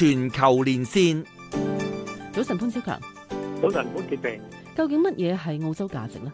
全球連線，早晨潘昭強，早晨潘潔平，究竟乜嘢係澳洲價值咧？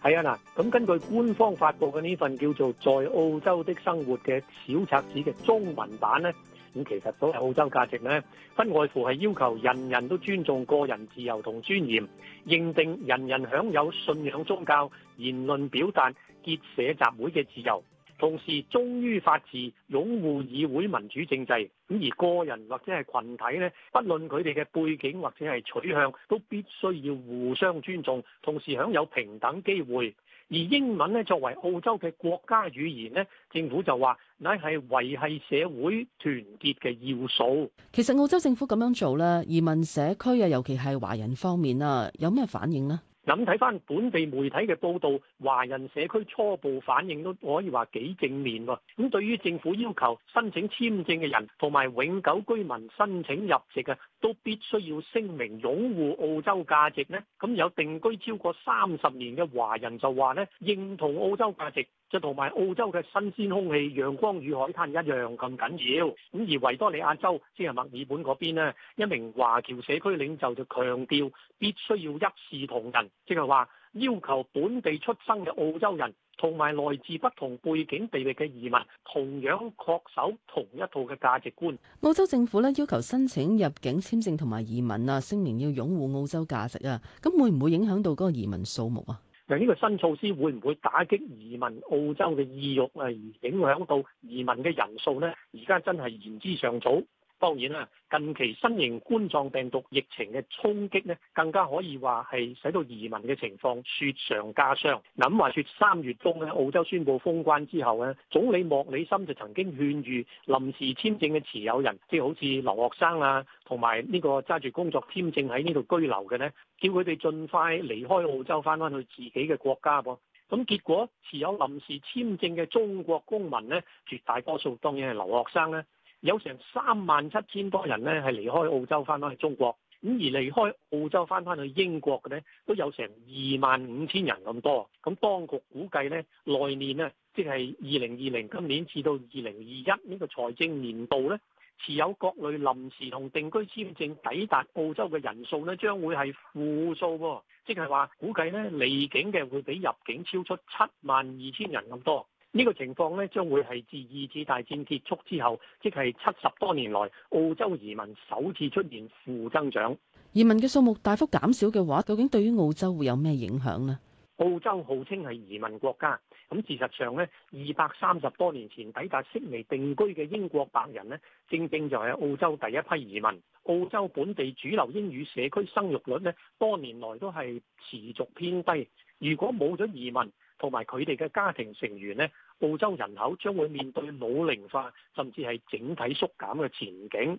係啊嗱，咁根據官方發佈嘅呢份叫做《在澳洲的生活》嘅小冊子嘅中文版咧，咁其實所謂澳洲價值咧，不外乎係要求人人都尊重個人自由同尊嚴，認定人人享有信仰宗教、言論表達、結社集會嘅自由。同時忠於法治，擁護議會民主政制。咁而個人或者係群體呢，不論佢哋嘅背景或者係取向，都必須要互相尊重，同時享有平等機會。而英文呢，作為澳洲嘅國家語言呢，政府就話，乃係維繫社會團結嘅要素。其實澳洲政府咁樣做咧，移民社區啊，尤其係華人方面啊，有咩反應呢？諗睇翻本地媒體嘅報導，華人社區初步反應都可以話幾正面喎。咁對於政府要求申請簽證嘅人同埋永久居民申請入籍嘅，都必須要聲明擁護澳洲價值呢。咁有定居超過三十年嘅華人就話呢，認同澳洲價值。就同埋澳洲嘅新鮮空氣陽光與海灘一樣咁緊要。咁而維多利亞州即係墨爾本嗰邊咧，一名華僑社區領袖就強調必須要一視同仁，即係話要求本地出生嘅澳洲人同埋來自不同背景地域嘅移民同樣恪守同一套嘅價值觀。澳洲政府咧，要求申請入境簽證同埋移民啊，聲明要擁護澳洲價值啊，咁會唔會影響到嗰個移民數目啊？嗱，呢個新措施會唔會打擊移民澳洲嘅意欲啊，而影響到移民嘅人數呢？而家真係言之尚早。當然啦，近期新型冠狀病毒疫情嘅衝擊咧，更加可以話係使到移民嘅情況雪上加霜。嗱，咁話説，三月中咧，澳洲宣布封關之後咧，總理莫里森就曾經勸喻臨時簽證嘅持有人，即係好似留學生啊，同埋呢個揸住工作簽證喺呢度居留嘅咧，叫佢哋盡快離開澳洲，翻返去自己嘅國家噃。咁結果持有臨時簽證嘅中國公民咧，絕大多數當然係留學生咧。有成三萬七千多人咧，係離開澳洲翻返去中國。咁而離開澳洲翻返去英國嘅咧，都有成二萬五千人咁多。咁當局估計咧，內年呢即係二零二零今年至到二零二一呢個財政年度咧，持有各類臨時同定居簽證抵達澳洲嘅人數咧，將會係負數，即係話估計咧離境嘅會比入境超出七萬二千人咁多。呢個情況咧，將會係自二次大戰結束之後，即係七十多年來澳洲移民首次出現負增長。移民嘅數目大幅減少嘅話，究竟對於澳洲會有咩影響呢？澳洲號稱係移民國家，咁事實上呢，二百三十多年前抵達悉尼定居嘅英國白人呢，正正就係澳洲第一批移民。澳洲本地主流英語社區生育率呢，多年來都係持續偏低。如果冇咗移民，同埋佢哋嘅家庭成員咧，澳洲人口將會面對老齡化甚至係整體縮減嘅前景。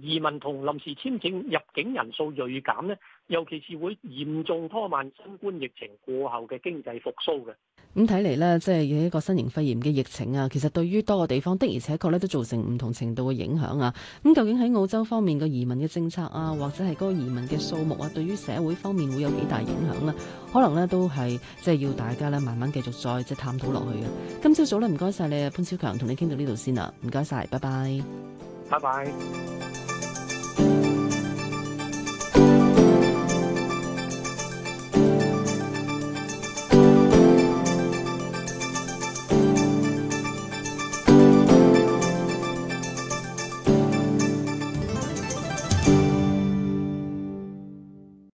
移民同臨時簽證入境人數銳減咧，尤其是會嚴重拖慢新冠疫情過後嘅經濟復蘇嘅。咁睇嚟呢即係呢一個新型肺炎嘅疫情啊，其實對於多個地方的而且確咧都造成唔同程度嘅影響啊。咁究竟喺澳洲方面嘅移民嘅政策啊，或者係嗰個移民嘅數目啊，對於社會方面會有幾大影響咧、啊？可能咧都係即係要大家咧慢慢繼續再即、就是、探討落去嘅、啊。今朝早咧，唔該晒你啊，潘昭強，同你傾到呢度先啦，唔該晒，拜拜，拜拜。